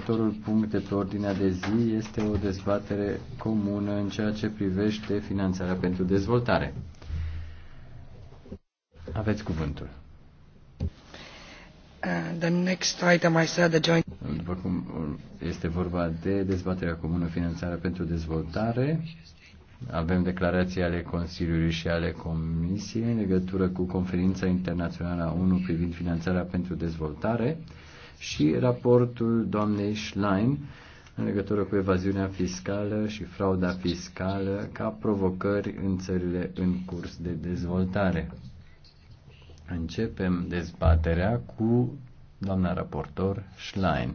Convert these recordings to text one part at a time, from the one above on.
Următorul punct de pe ordinea de zi este o dezbatere comună în ceea ce privește finanțarea pentru dezvoltare. Aveți cuvântul. Uh, the next item I said, the joint... După cum uh, este vorba de dezbaterea comună finanțarea pentru dezvoltare, avem declarații ale Consiliului și ale Comisiei în legătură cu conferința internațională a ONU privind finanțarea pentru dezvoltare și raportul doamnei Schlein în legătură cu evaziunea fiscală și frauda fiscală ca provocări în țările în curs de dezvoltare. Începem dezbaterea cu doamna raportor Schlein.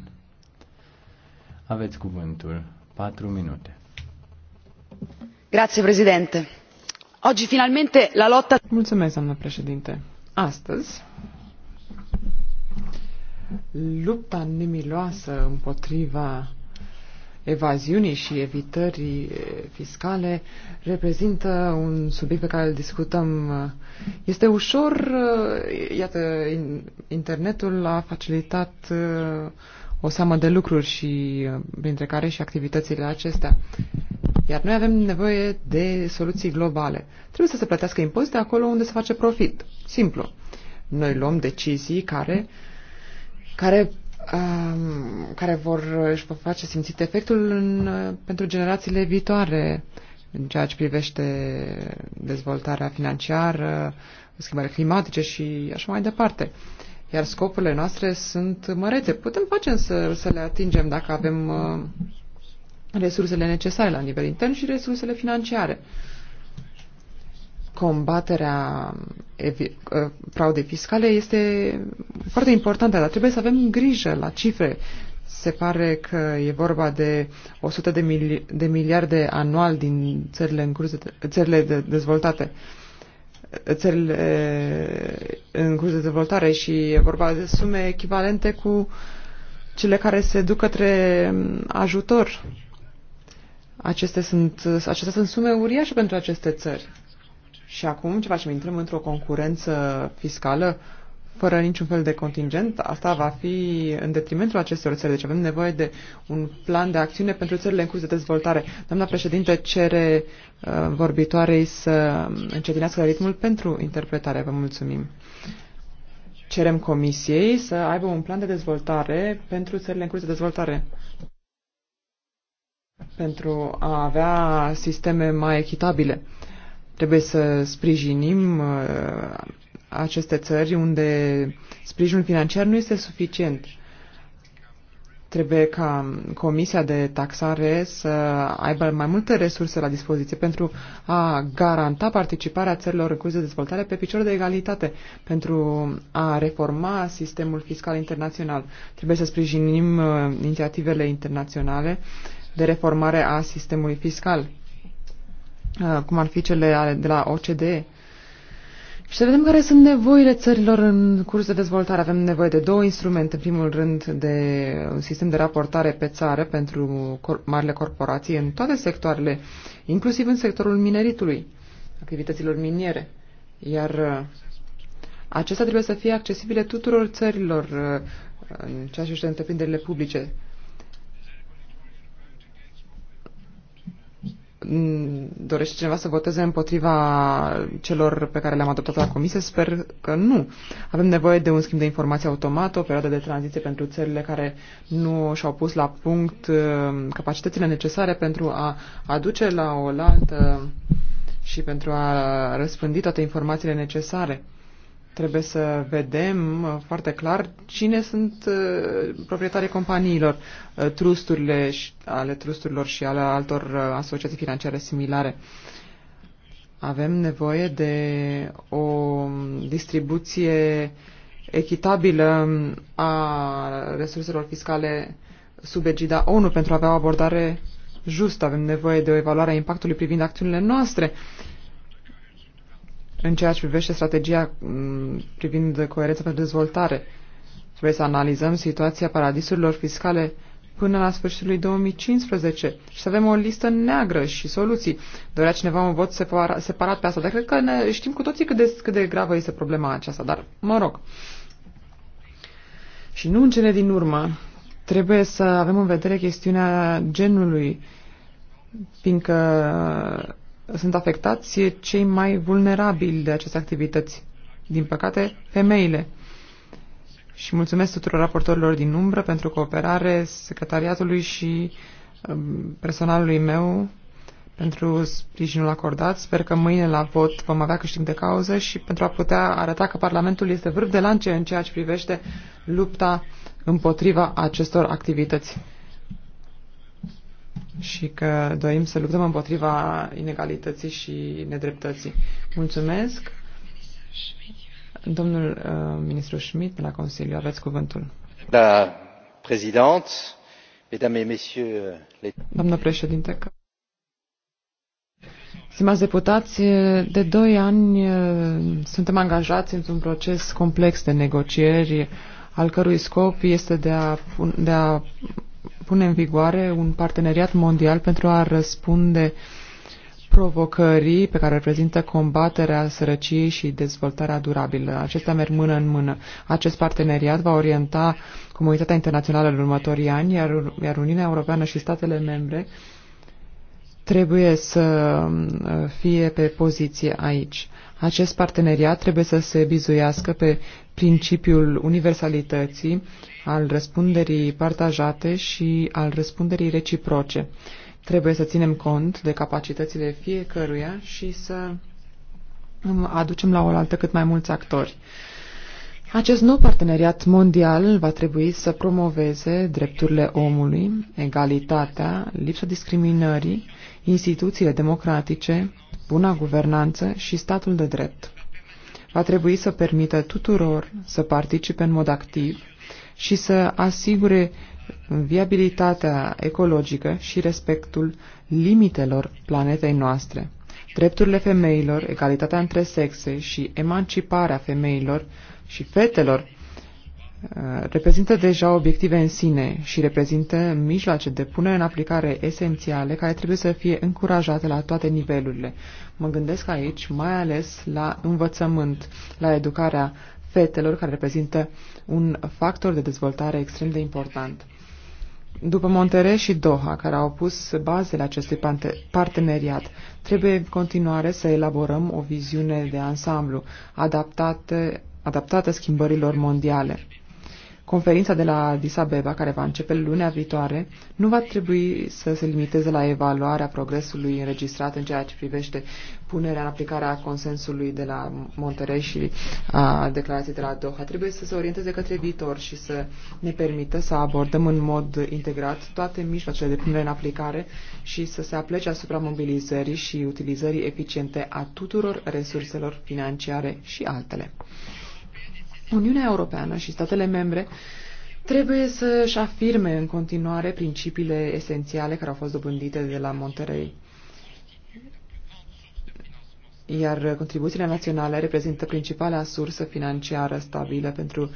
Aveți cuvântul. 4 minute. Grazie, președinte. Oggi finalmente la lotta... Mulțumesc, doamnă președinte. Astăzi, Lupta nemiloasă împotriva evaziunii și evitării eh, fiscale reprezintă un subiect pe care îl discutăm. Eh, este ușor, eh, iată, internetul a facilitat o seamă de lucruri și printre care și activitățile acestea. Iar noi avem nevoie de soluții globale. Trebuie să se plătească impozite acolo unde se face profit. Simplu. Noi luăm decizii care uh, care, um, care vor își vor face simțit efectul în, pentru generațiile viitoare în ceea ce privește dezvoltarea financiară, schimbările climatice și așa mai departe. Iar scopurile noastre sunt mărețe. Putem face să, să le atingem dacă avem uh, resursele necesare la nivel intern și resursele financiare. Combaterea uh, fraudei fiscale este foarte importante, dar trebuie să avem grijă la cifre. Se pare că e vorba de 100 de, mili- de miliarde anual din țările, în curs de, țările de dezvoltate țările eh, în curs de dezvoltare și e vorba de sume echivalente cu cele care se duc către mm, ajutor. Aceste sunt, acestea sunt sume uriașe pentru aceste țări. Și acum ce facem? Intrăm într-o concurență fiscală fără niciun fel de contingent. Asta va fi în detrimentul acestor țări. Deci avem nevoie de un plan de acțiune pentru țările în curs de dezvoltare. Doamna președinte cere uh, vorbitoarei să încetinească ritmul pentru interpretare. Vă mulțumim. Cerem comisiei să aibă un plan de dezvoltare pentru țările în curs de dezvoltare pentru a avea sisteme mai echitabile. Trebuie să sprijinim uh, aceste țări unde sprijinul financiar nu este suficient. Trebuie ca Comisia de Taxare să aibă mai multe resurse la dispoziție pentru a garanta participarea țărilor în curs de dezvoltare pe picior de egalitate, pentru a reforma sistemul fiscal internațional. Trebuie să sprijinim uh, inițiativele internaționale de reformare a sistemului fiscal, uh, cum ar fi cele de la OCDE și să vedem care sunt nevoile țărilor în curs de dezvoltare. Avem nevoie de două instrumente. În primul rând, de un sistem de raportare pe țară pentru cor- marile corporații în toate sectoarele, inclusiv în sectorul mineritului, activităților miniere. Iar uh, acesta trebuie să fie accesibile tuturor țărilor uh, în ceea ce întreprinderile publice. Mm, dorește cineva să voteze împotriva celor pe care le-am adoptat la comisie? Sper că nu. Avem nevoie de un schimb de informații automat, o perioadă de tranziție pentru țările care nu și-au pus la punct uh, capacitățile necesare pentru a aduce la o altă și pentru a răspândi toate informațiile necesare. Trebuie să vedem uh, foarte clar cine sunt uh, proprietarii companiilor, uh, trusturile ale trusturilor și ale altor asociații financiare similare. Avem nevoie de o distribuție echitabilă um, a resurselor fiscale sub egida ONU pentru a avea o abordare justă. Avem nevoie de o evaluare a impactului privind acțiunile noastre în ceea ce privește strategia mm, privind coerența pentru dezvoltare. Trebuie să analizăm situația paradisurilor fiscale până la sfârșitul lui 2015 și să avem o listă neagră și soluții. Dorea cineva un vot separa, separat pe asta, dar cred că ne, știm cu toții cât de, cât de gravă este problema aceasta, dar mă rog. Și nu în cele din urmă, trebuie să avem în vedere chestiunea genului, fiindcă sunt afectați cei mai vulnerabili de aceste activități. Din păcate, femeile. Și mulțumesc tuturor raportorilor din umbră pentru cooperare, secretariatului și um, personalului meu pentru sprijinul acordat. Sper că mâine la vot vom avea câștig de cauză și pentru a putea arăta că Parlamentul este vârf de lance în ceea ce privește lupta împotriva acestor activități și că dorim să luptăm împotriva inegalității și nedreptății. Mulțumesc. Domnul uh, ministru Schmidt de la Consiliu, aveți cuvântul. Da, președinte, mesdames et messieurs les... Doamnă președinte, Stimați deputați, de doi ani uh, suntem angajați într-un proces complex de negocieri, al cărui scop este de a, de a pune în vigoare un parteneriat mondial pentru a răspunde provocării pe care reprezintă combaterea sărăciei și dezvoltarea durabilă. Acestea merg mână în mână. Acest parteneriat va orienta comunitatea internațională în următorii ani, iar, iar Uniunea Europeană și statele membre trebuie să uh, fie pe poziție aici. Acest parteneriat trebuie să se bizuiască pe principiul universalității, al răspunderii partajate și al răspunderii reciproce. Trebuie să ținem cont de capacitățile fiecăruia și să aducem la oaltă cât mai mulți actori. Acest nou parteneriat mondial va trebui să promoveze drepturile omului, egalitatea, lipsa discriminării, instituțiile democratice, buna guvernanță și statul de drept. Va trebui să permită tuturor să participe în mod activ și să asigure viabilitatea ecologică și respectul limitelor planetei noastre. Drepturile femeilor, egalitatea între sexe și emanciparea femeilor și fetelor Uh, reprezintă deja obiective în sine și reprezintă mijloace de punere în aplicare esențiale care trebuie să fie încurajate la toate nivelurile. Mă gândesc aici mai ales la învățământ, la educarea fetelor, care reprezintă un factor de dezvoltare extrem de important. După Montere și Doha, care au pus bazele acestui parteneriat, trebuie în continuare să elaborăm o viziune de ansamblu adaptată, adaptată schimbărilor mondiale. Conferința de la Abeba, care va începe lunea viitoare, nu va trebui să se limiteze la evaluarea progresului înregistrat în ceea ce privește punerea în aplicare a consensului de la Monterey și a declarației de la Doha. Trebuie să se orienteze către viitor și să ne permită să abordăm în mod integrat toate mijloacele de punere în aplicare și să se aplece asupra mobilizării și utilizării eficiente a tuturor resurselor financiare și altele. Uniunea Europeană și statele membre trebuie să-și afirme în continuare principiile esențiale care au fost dobândite de la Monterey. Iar contribuțiile naționale reprezintă principala sursă financiară stabilă pentru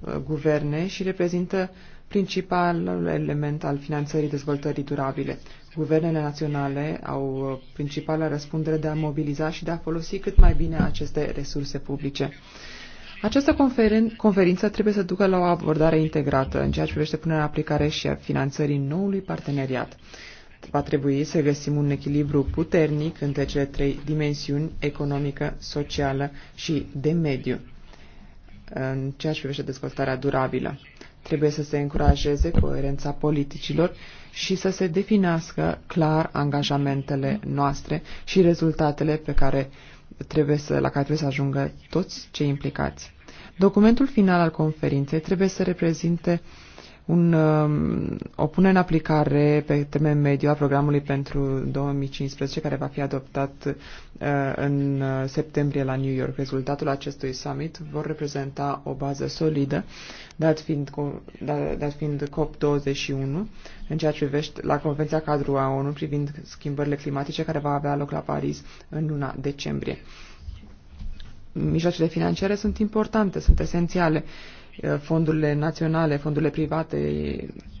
uh, guverne și reprezintă principalul element al finanțării dezvoltării durabile. Guvernele naționale au uh, principala răspundere de a mobiliza și de a folosi cât mai bine aceste resurse publice. Această conferin- conferință trebuie să ducă la o abordare integrată în ceea ce privește punerea în aplicare și a finanțării noului parteneriat. Va trebui să găsim un echilibru puternic între cele trei dimensiuni, economică, socială și de mediu, în ceea ce privește dezvoltarea durabilă. Trebuie să se încurajeze coerența politicilor și să se definească clar angajamentele noastre și rezultatele pe care uh, trebuie să, la care trebuie să ajungă toți cei implicați. Documentul final al conferinței trebuie să reprezinte uh, un, um, o pune în aplicare pe teme mediu a programului pentru 2015, care va fi adoptat uh, în uh, septembrie la New York. Rezultatul acestui summit vor reprezenta o bază solidă, dat fiind, da, dat fiind COP21, în ceea ce privește la Convenția Cadru a ONU privind schimbările climatice, care va avea loc la Paris în luna decembrie. Mijloacele financiare sunt importante, sunt esențiale. Uh, Eh, fondurile naționale, fondurile private,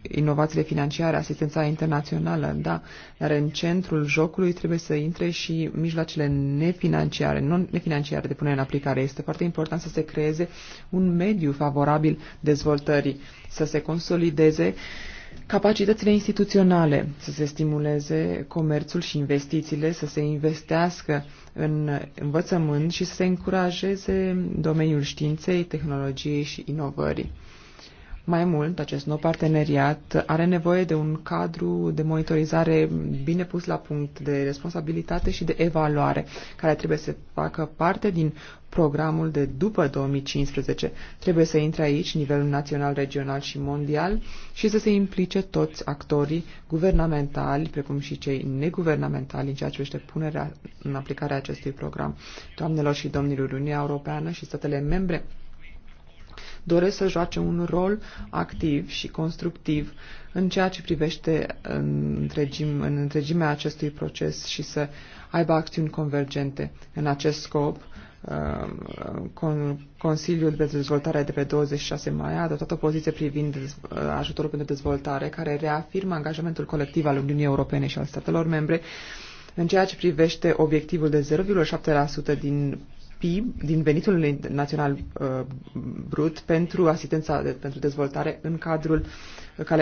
inovațiile financiare, asistența internațională, da, dar în centrul jocului trebuie să intre și mijloacele nefinanciare, non nefinanciare de punere în aplicare. Este foarte important să se creeze un mediu favorabil dezvoltării, să se consolideze uh, capacitățile instituționale să se stimuleze comerțul și investițiile, să se investească în învățământ și să se încurajeze domeniul științei, tehnologiei și inovării. Mai mult, acest nou parteneriat are nevoie de un cadru de monitorizare bine pus la punct, de responsabilitate și de evaluare, care trebuie să facă parte din programul de după 2015. Trebuie să intre aici nivelul național, regional și mondial și să se implice toți actorii guvernamentali, precum și cei neguvernamentali în ceea ce privește punerea în aplicare a acestui program. Doamnelor și domnilor, Uniunea Europeană și statele membre doresc să joace un rol activ și constructiv în ceea ce privește în, întregim, în întregimea acestui proces și să aibă acțiuni convergente. În acest scop, um, Consiliul de Dezvoltare de pe 26 mai a adoptat o poziție privind ajutorul pentru dezvoltare, care reafirmă angajamentul colectiv al Uniunii Europene și al statelor membre în ceea ce privește obiectivul de 0,7% din PIB, din venitul național uh, brut pentru asistența de, pentru dezvoltare în cadrul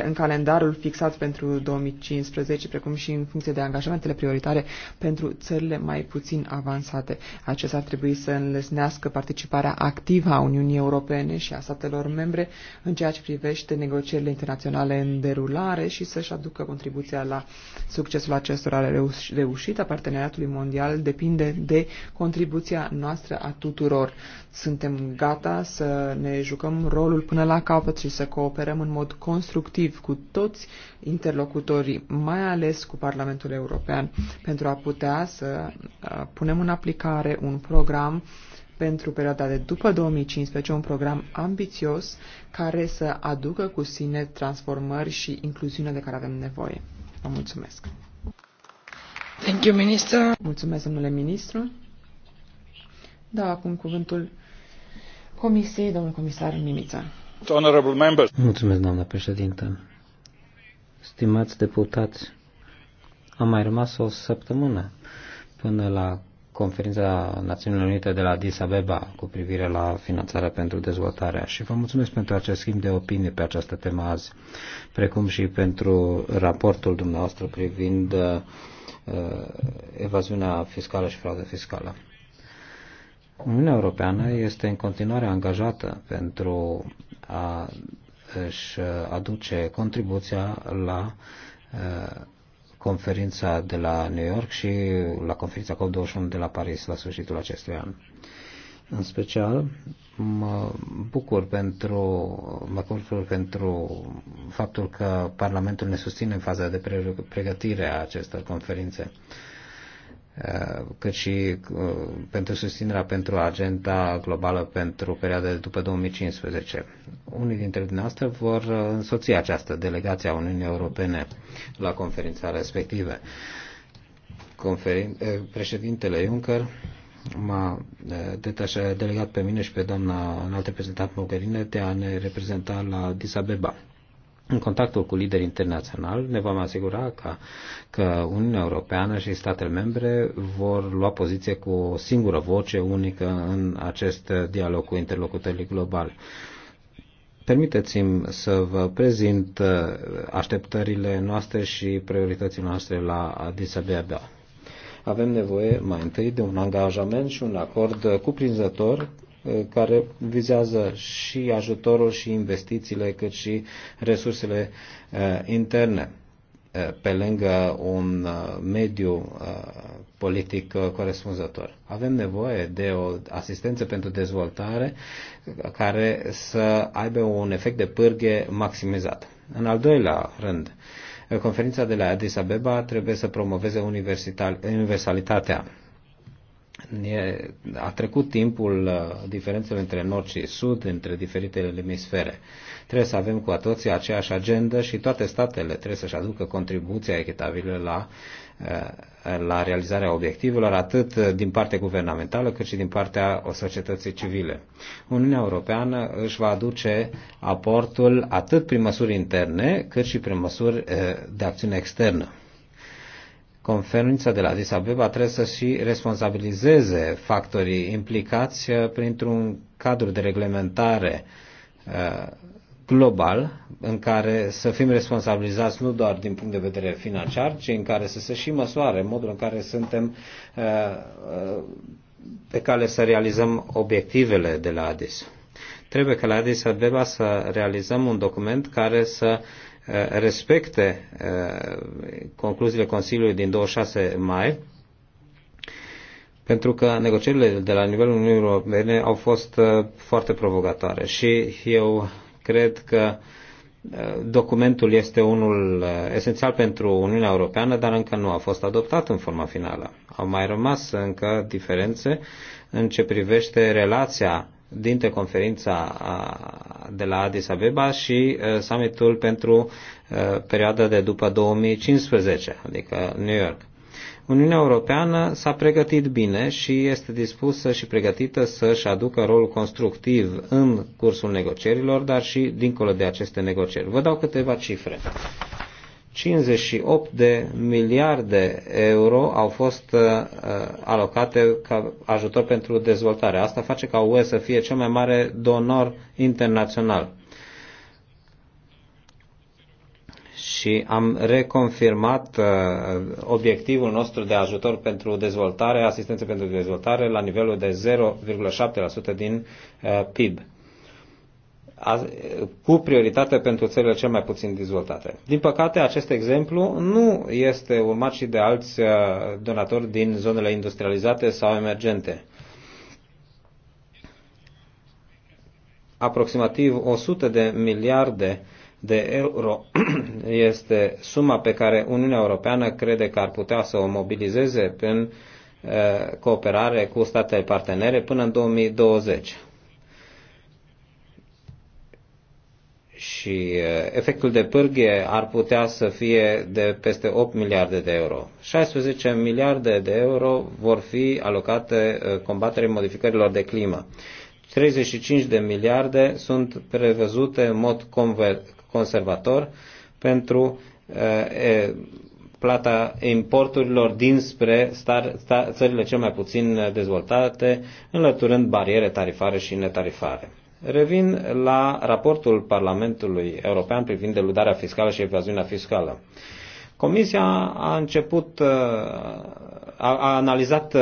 în calendarul fixat pentru 2015, precum și în funcție de angajamentele prioritare pentru țările mai puțin avansate. Acesta ar trebui să înlesnească participarea activă a Uniunii Europene și a statelor membre în ceea ce privește negocierile internaționale în derulare și să-și aducă contribuția la succesul acestora reușit a parteneriatului mondial depinde de contribuția noastră a tuturor. Suntem gata să ne jucăm rolul până la capăt și să cooperăm în mod constructiv constructiv cu toți interlocutorii, mai ales cu Parlamentul European, pentru a putea să uh, punem în aplicare un program pentru perioada de după 2015, un program ambițios care să aducă cu sine transformări și incluziunea de care avem nevoie. Vă mulțumesc! Thank you, Minister. Mulțumesc, domnule ministru. Da, acum cuvântul Comisiei, domnul comisar Mimița. Mulțumesc, doamnă președintă. Stimați deputați, a mai rămas o săptămână până la conferința Națiunilor Unite de la Addis Abeba cu privire la finanțarea pentru dezvoltarea și vă mulțumesc pentru acest schimb de opinie pe această temă azi, precum și pentru raportul dumneavoastră privind uh, evaziunea fiscală și frauda fiscală. Uniunea Europeană este în continuare angajată pentru a își aduce contribuția la conferința de la New York și la conferința COP21 de la Paris la sfârșitul acestui an. În special, mă bucur pentru, mă bucur pentru faptul că Parlamentul ne susține în faza de pregătire a acestor conferințe. Uh, Eh, cât și eh, pentru susținerea pentru agenda globală pentru perioada de după 2015. Unii dintre dumneavoastră vor însoți această delegație a Uniunii Europene la conferința respectivă. Conferin... Eh, președintele Juncker m-a detașat, delegat pe mine și pe doamna înalt prezentat Mogherine de a ne reprezenta la Disabeba. În contactul cu lideri internaționali ne vom asigura că, că Uniunea Europeană și statele membre vor lua poziție cu o singură voce unică în acest dialog cu interlocutorii globali. Permiteți-mi să vă prezint uh, așteptările noastre și prioritățile noastre la Addis Abeba. Avem nevoie mai întâi de un angajament și un acord cuprinzător care vizează și ajutorul și investițiile, cât și resursele uh, interne, uh, pe lângă un uh, mediu politic corespunzător. Avem nevoie de o asistență pentru dezvoltare care să aibă un efect de pârghe maximizat. În al doilea rând, conferința de la Addis Abeba trebuie să promoveze universalitatea a trecut timpul uh, diferențelor între nord și sud, între diferitele emisfere. Trebuie să avem cu toții aceeași agendă și toate statele trebuie să-și aducă contribuția echitabilă la, uh, la realizarea obiectivelor, atât din partea guvernamentală cât și din partea o societății civile. Uniunea Europeană își va aduce aportul atât prin măsuri interne cât și prin măsuri uh, de acțiune externă conferința de la Addis Abeba trebuie să și responsabilizeze factorii implicați uh, printr-un cadru de reglementare uh, global în care să fim responsabilizați nu doar din punct de vedere financiar, ci în care să se și măsoare modul în care suntem uh, pe cale să realizăm obiectivele de la Addis. Trebuie că la Addis Abeba să realizăm un document care să uh, Eh, respecte eh, concluziile Consiliului din 26 mai, pentru că negocierile de la nivelul Uniunii Europene au fost eh, foarte provocatoare și eu cred că documentul este unul esențial pentru Uniunea Europeană, dar încă nu a fost adoptat în forma finală. Au mai rămas încă diferențe în ce privește relația dintre conferința de la Addis Abeba și summitul pentru perioada de după 2015, adică New York. Uniunea Europeană s-a pregătit bine și este dispusă și pregătită să-și aducă rolul constructiv în cursul negocierilor, dar și dincolo de aceste negocieri. Vă dau câteva cifre. 58 de miliarde euro au fost uh, uh, alocate ca ajutor pentru dezvoltare. Asta face ca UE să fie cel mai mare donor internațional. Și am reconfirmat uh, obiectivul nostru de ajutor pentru dezvoltare, asistență pentru dezvoltare, la nivelul de 0,7% din uh, PIB cu prioritate pentru țările cel mai puțin dezvoltate. Din păcate, acest exemplu nu este urmat și de alți uh, donatori din zonele industrializate sau emergente. Aproximativ 100 de miliarde de euro este suma pe care Uniunea Europeană crede că ar putea să o mobilizeze prin uh, cooperare cu statele partenere până în 2020. și efectul de pârghie ar putea să fie de peste 8 miliarde de euro. 16 miliarde de euro vor fi alocate combaterii modificărilor de climă. 35 de miliarde sunt prevăzute în mod conservator pentru plata importurilor dinspre star, star, țările cel mai puțin dezvoltate, înlăturând bariere tarifare și netarifare. Revin la raportul Parlamentului European privind deludarea fiscală și evaziunea fiscală. Comisia a început, uh, a, a analizat uh,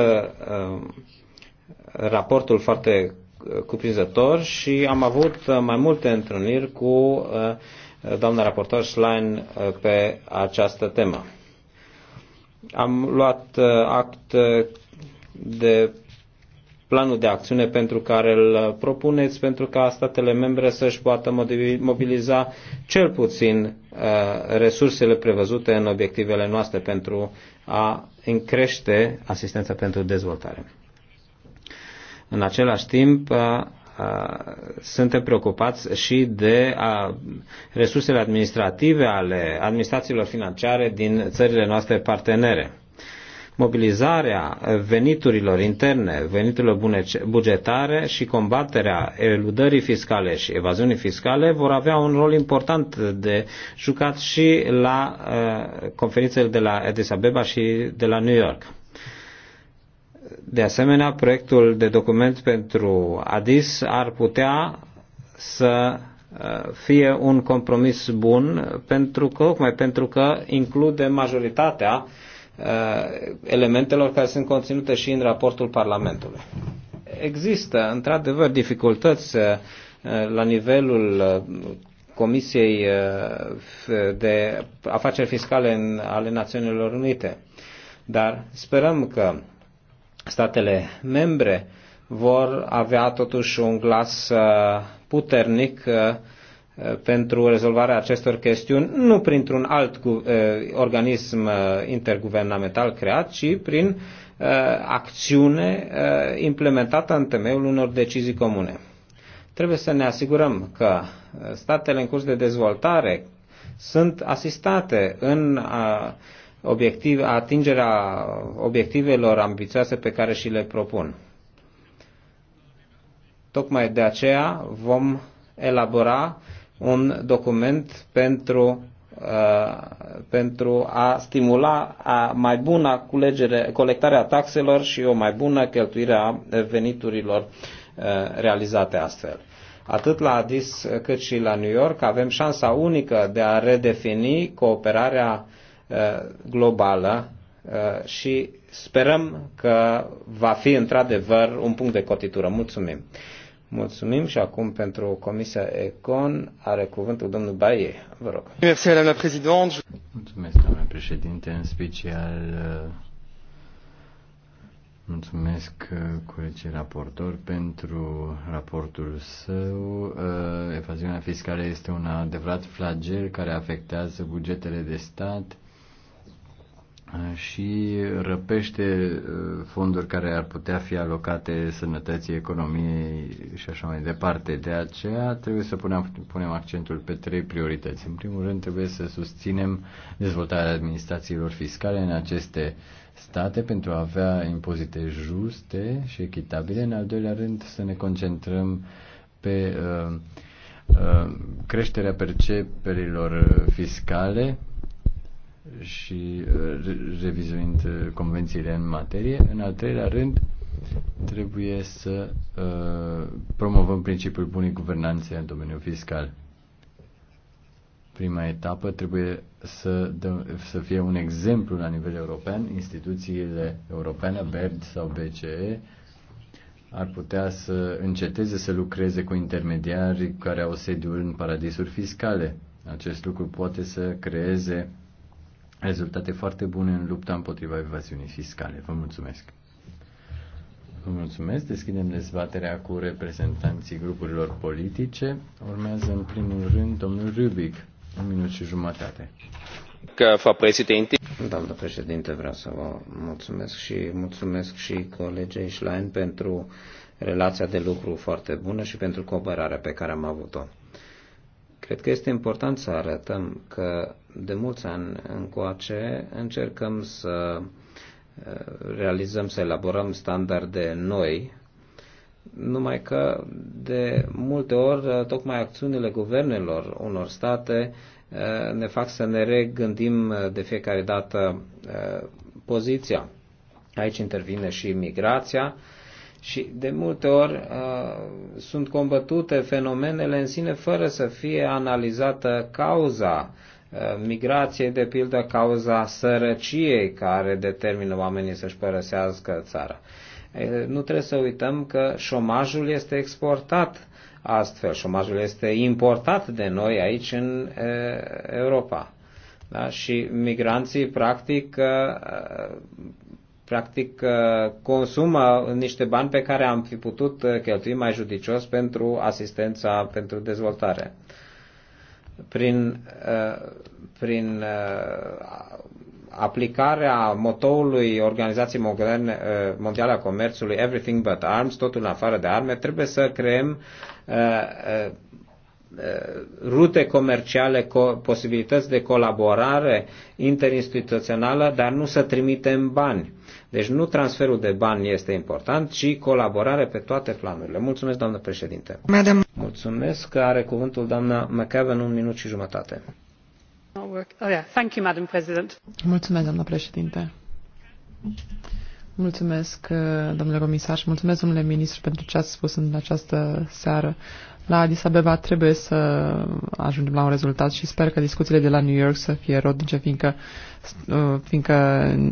raportul foarte uh, cuprinzător și am avut mai multe întâlniri cu doamna raportor Schlein pe această temă. Am luat act de planul de acțiune pentru care îl propuneți, pentru ca statele membre să-și poată mobiliza cel puțin uh, resursele prevăzute în obiectivele noastre pentru a încrește asistența pentru dezvoltare. În același timp, uh, uh, suntem preocupați și de a, resursele administrative ale administrațiilor financiare din țările noastre partenere mobilizarea veniturilor interne, veniturilor bugetare și combaterea eludării fiscale și evaziunii fiscale vor avea un rol important de jucat și la uh, conferințele de la Addis Abeba și de la New York. De asemenea, proiectul de document pentru Addis ar putea să uh, fie un compromis bun pentru că, tocmai pentru că include majoritatea Uh, elementelor care sunt conținute și în raportul Parlamentului. Există, într-adevăr, dificultăți uh, uh, la nivelul Comisiei de Afaceri Fiscale ale Națiunilor Unite. Dar sperăm că statele membre vor avea totuși un glas puternic Uh, pentru rezolvarea acestor chestiuni, nu printr-un alt uh, organism uh, interguvernamental creat, ci prin acțiune implementată în temeiul unor decizii comune. Trebuie să ne asigurăm că statele în curs de dezvoltare sunt asistate în obiectiv, atingerea obiectivelor ambițioase pe care și le propun. Tocmai de aceea vom elabora un document pentru, uh, pentru a stimula a mai bună culegere, colectarea taxelor și o mai bună cheltuire a veniturilor uh, realizate astfel. Atât la Addis cât și la New York avem șansa unică de a redefini cooperarea uh, globală uh, și sperăm că va fi într-adevăr un punct de cotitură. Mulțumim! Mulțumim și acum pentru Comisia Econ are cuvântul domnul Baie. Vă rog. Mulțumesc, domnule președinte, în special uh, mulțumesc uh, colegii raportor pentru raportul său. Uh, evaziunea fiscală este un adevărat flagel care afectează bugetele de stat și răpește uh, fonduri care ar putea fi alocate sănătății, economiei și așa mai departe. De aceea trebuie să punem, punem accentul pe trei priorități. În primul rând trebuie să susținem dezvoltarea administrațiilor fiscale în aceste state pentru a avea impozite juste și echitabile. În al doilea rând să ne concentrăm pe uh, uh, creșterea perceperilor fiscale și uh, revizuind uh, convențiile în materie. În al treilea rând, trebuie să uh, promovăm principiul bunei guvernanțe în domeniul fiscal. Prima etapă trebuie să, dă, să fie un exemplu la nivel european. Instituțiile europene, BERD sau BCE, ar putea să înceteze să lucreze cu intermediari care au sediul în paradisuri fiscale. Acest lucru poate să creeze rezultate foarte bune în lupta împotriva evaziunii fiscale. Vă mulțumesc! Vă mulțumesc. Deschidem dezbaterea cu reprezentanții grupurilor politice. Urmează în primul rând domnul Rubic, un minut și jumătate. Doamnă președinte, vreau să vă mulțumesc și mulțumesc și colegei Schlein pentru relația de lucru foarte bună și pentru cooperarea pe care am avut-o. Cred că este important să arătăm că de mulți ani încoace încercăm să uh, realizăm, să elaborăm standarde noi, numai că de multe ori uh, tocmai acțiunile guvernelor unor state uh, ne fac să ne regândim de fiecare dată poziția. Aici intervine și migrația, și de multe ori uh, sunt combătute fenomenele în sine fără să fie analizată cauza uh, migrației, de pildă cauza sărăciei care determină oamenii să-și părăsească țara. Uh, nu trebuie să uităm că șomajul este exportat astfel, șomajul este importat de noi aici în uh, Europa. Da? Și migranții, practic, uh, practic uh, consumă niște bani pe care am fi putut uh, cheltui mai judicios pentru asistența pentru dezvoltare. Prin, uh, prin aplicarea motoului Organizației Mondiale a Comerțului Everything but Arms, totul în afară de arme, trebuie să creăm Uh, rute comerciale, co- posibilități de colaborare interinstituțională, dar nu să trimitem bani. Deci nu transferul de bani este important, ci colaborare pe toate planurile. Mulțumesc, doamnă președinte. Madam. Mulțumesc că are cuvântul doamna McAven un minut și jumătate. Oh, yeah. Thank you, Madam President. Mulțumesc, doamnă președinte. Mulțumesc, uh, domnule comisar, și mulțumesc, domnule ministru, pentru ce ați spus în această seară. La Addis Abeba trebuie să ajungem la un rezultat și sper că discuțiile de la New York să fie rodnice, fiindcă, uh, fiindcă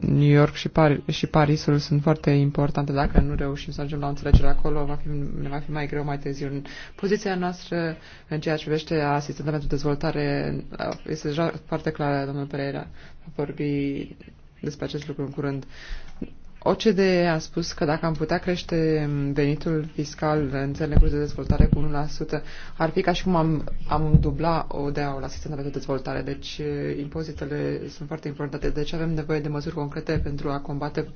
New York și, Par- și Parisul sunt foarte importante. Dacă nu reușim să ajungem la o înțelegere acolo, va fi, ne va fi mai greu mai târziu. Poziția noastră în ceea ce privește asistența pentru dezvoltare uh, este deja foarte clară, domnul Pereira. Va vorbi despre acest lucru în curând. OCDE a spus că dacă am putea crește venitul fiscal în țările de dezvoltare cu 1%, ar fi ca și cum am, am dubla ODA-ul, asistența pentru dezvoltare. Deci impozitele sunt foarte importante. Deci avem nevoie de măsuri concrete pentru a combate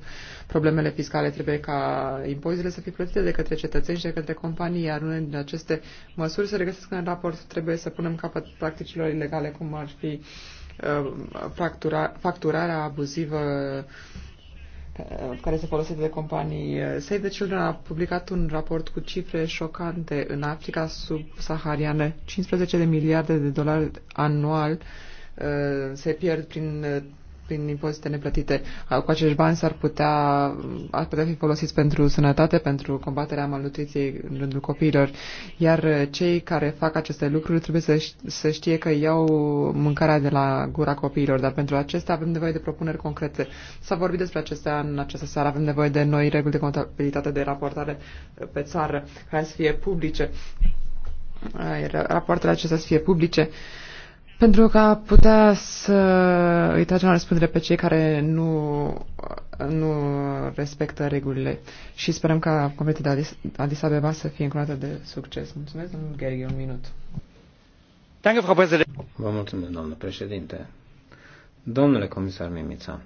problemele fiscale. Trebuie ca impozitele să fie plătite de către cetățeni și de către companii, iar unele din aceste măsuri se regăsesc în raport. Trebuie să punem capăt practicilor ilegale, cum ar fi factura, facturarea abuzivă Uh, care se folosește de companii. Uh, Save the Children a publicat un raport cu cifre șocante. În Africa subsahariană, 15 de miliarde de dolari anual uh, se pierd prin prin impozite neplătite. Cu acești bani s-ar putea, ar putea fi folosiți pentru sănătate, pentru combaterea malnutriției în rândul copiilor. Iar cei care fac aceste lucruri trebuie să, să știe că iau mâncarea de la gura copiilor, dar pentru acestea avem nevoie de propuneri concrete. S-a vorbit despre acestea în această seară, avem nevoie de noi reguli de contabilitate de raportare uh, pe țară, care să fie publice, uh, rapoartele acestea să fie publice. Uh, pentru că a putea să îi tragem la răspundere pe cei care nu, nu respectă regulile și sperăm ca competiția de Addis, Abeba să fie încurată de succes. Mulțumesc, domnul Gheri, un minut. Vă mulțumesc, domnule președinte. Domnule comisar Mimița,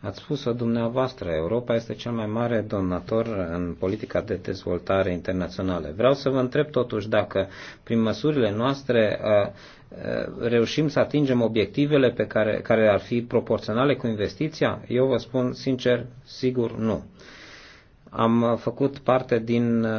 ați spus-o dumneavoastră, Europa este cel mai mare donator în politica de dezvoltare internațională. Vreau să vă întreb totuși dacă prin măsurile noastre uh, Eh, reușim să atingem obiectivele pe care, care ar fi proporționale cu investiția? Eu vă spun sincer, sigur nu am făcut parte din uh,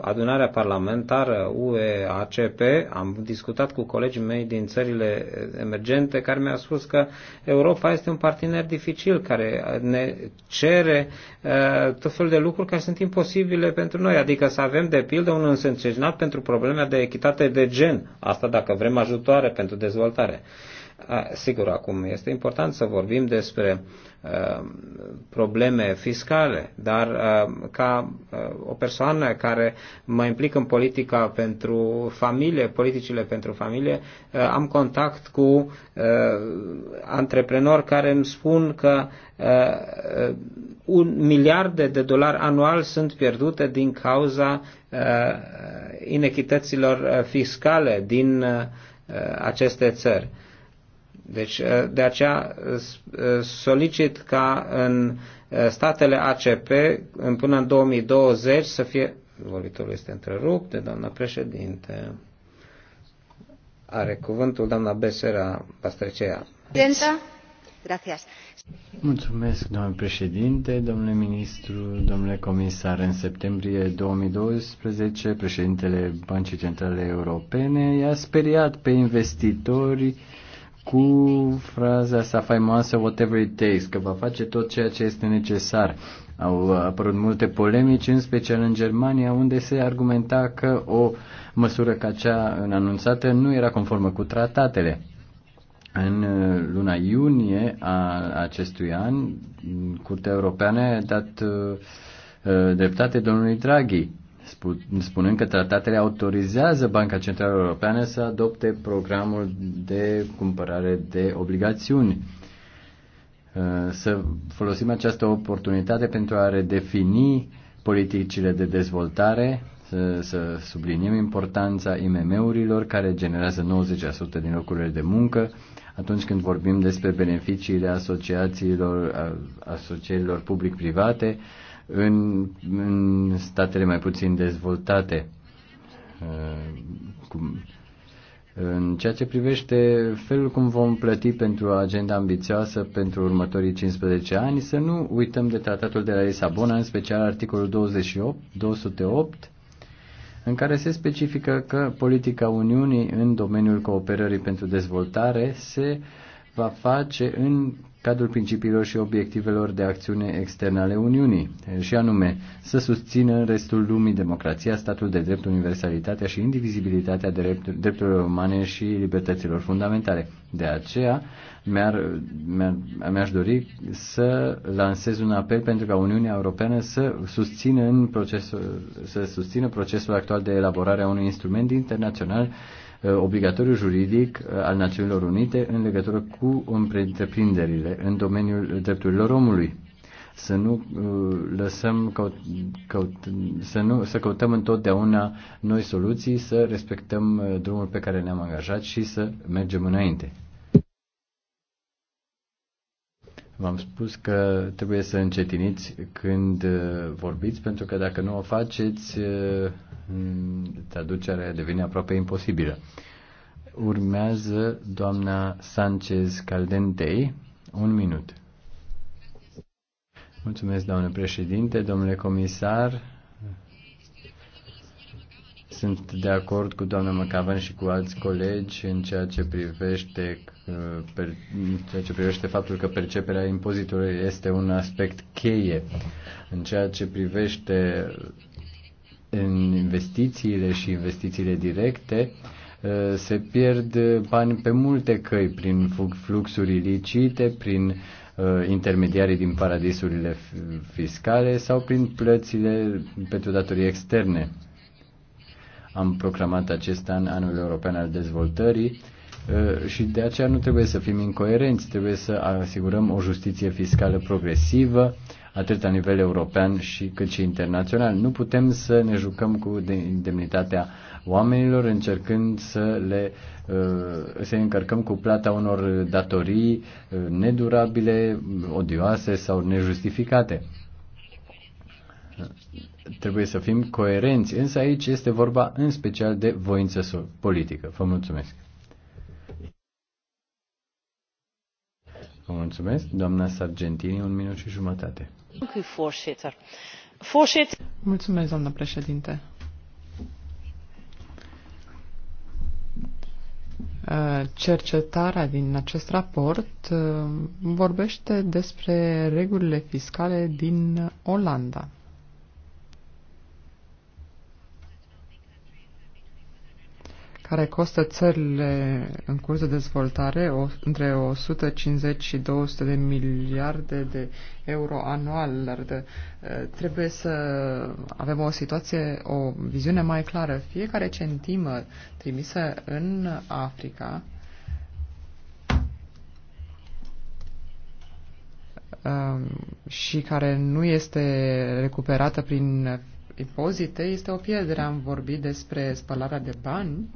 adunarea parlamentară UE-ACP, am discutat cu colegii mei din țările emergente care mi-au spus că Europa este un partener dificil care ne cere uh, tot felul de lucruri care sunt imposibile pentru noi, adică să avem de pildă un însărcinat pentru problema de echitate de gen, asta dacă vrem ajutoare pentru dezvoltare. Sigur, acum este important să vorbim despre uh, probleme fiscale, dar uh, ca uh, o persoană care mă implic în politica pentru familie, politicile pentru familie, am contact cu antreprenori care îmi spun că un miliarde de dolari anual sunt pierdute din cauza inechităților fiscale din aceste țări. Deci, uh, de aceea uh, uh, solicit ca în statele ACP, în până în 2020, să fie. Vorbitorul este întrerupt de doamna președinte. Are cuvântul doamna Besera Pastrecea. Mulțumesc, domnule președinte, domnule ministru, domnule comisar. În septembrie 2012, președintele Băncii Centrale Europene i-a speriat pe investitori cu fraza sa faimoasă whatever it takes, că va face tot ceea ce este necesar. Au apărut multe polemici, în special în Germania, unde se argumenta că o măsură ca cea anunțată nu era conformă cu tratatele. În luna iunie a acestui an, Curtea Europeană a dat uh, dreptate domnului Draghi spunând că tratatele autorizează Banca Centrală Europeană să adopte programul de cumpărare de obligațiuni. Uh, să folosim această oportunitate pentru a redefini politicile de dezvoltare, să, să subliniem importanța IMM-urilor care generează 90% din locurile de muncă, atunci când vorbim despre beneficiile asociațiilor, asociațiilor public-private, în, în statele mai puțin dezvoltate. Uh, în ceea ce privește felul cum vom plăti pentru agenda ambițioasă pentru următorii 15 ani, să nu uităm de tratatul de la Lisabona, în special articolul 28, 208, în care se specifică că politica Uniunii în domeniul cooperării pentru dezvoltare se va face în cadrul principiilor și obiectivelor de acțiune externe ale Uniunii, și anume să susțină în restul lumii democrația, statul de drept, universalitatea și indivizibilitatea drepturilor umane și libertăților fundamentale. De aceea mi-ar, mi-ar, mi-aș dori să lansez un apel pentru ca Uniunea Europeană să susțină, în procesul, să susțină procesul actual de elaborare a unui instrument internațional Uh, obligatoriu juridic uh, al Națiunilor Unite în legătură cu întreprinderile în domeniul drepturilor omului. Să nu uh, lăsăm căut, căut, să, nu, să căutăm întotdeauna noi soluții, să respectăm drumul pe care ne-am angajat și să mergem înainte. V-am spus că trebuie să încetiniți când uh, vorbiți, pentru că dacă nu o faceți, uh, traducerea devine aproape imposibilă. Urmează doamna Sanchez Caldentei, un minut. Mulțumesc, doamnă președinte, domnule comisar, sunt de acord cu doamna Macavan și cu alți colegi în ceea ce privește uh, în ceea ce privește faptul că perceperea impozitului este un aspect cheie. În ceea ce privește uh, în investițiile și investițiile directe, uh, se pierd bani pe multe căi, prin fluxuri ilicite, prin intermediarii din paradisurile fiscale sau prin plățile pentru datorii externe. Am proclamat acest an anul european al dezvoltării ă, și de aceea nu trebuie să fim incoerenți, trebuie să asigurăm o justiție fiscală progresivă, atât la nivel european și cât și internațional. Nu putem să ne jucăm cu indemnitatea oamenilor încercând să le ă, să încărcăm cu plata unor datorii ă, nedurabile, odioase sau nejustificate trebuie să fim coerenți, însă aici este vorba în special de voință politică. Vă mulțumesc. Vă mulțumesc. Doamna Sargentini, un minut și jumătate. Mulțumesc, doamna președinte. Cercetarea din acest raport uh, vorbește despre regulile fiscale din Olanda. care costă țările în curs de dezvoltare o, între 150 și 200 de miliarde de euro anual. De, trebuie să avem o situație, o viziune mai clară. Fiecare centimă trimisă în Africa um, și care nu este recuperată prin impozite este o pierdere. Am vorbit despre spălarea de bani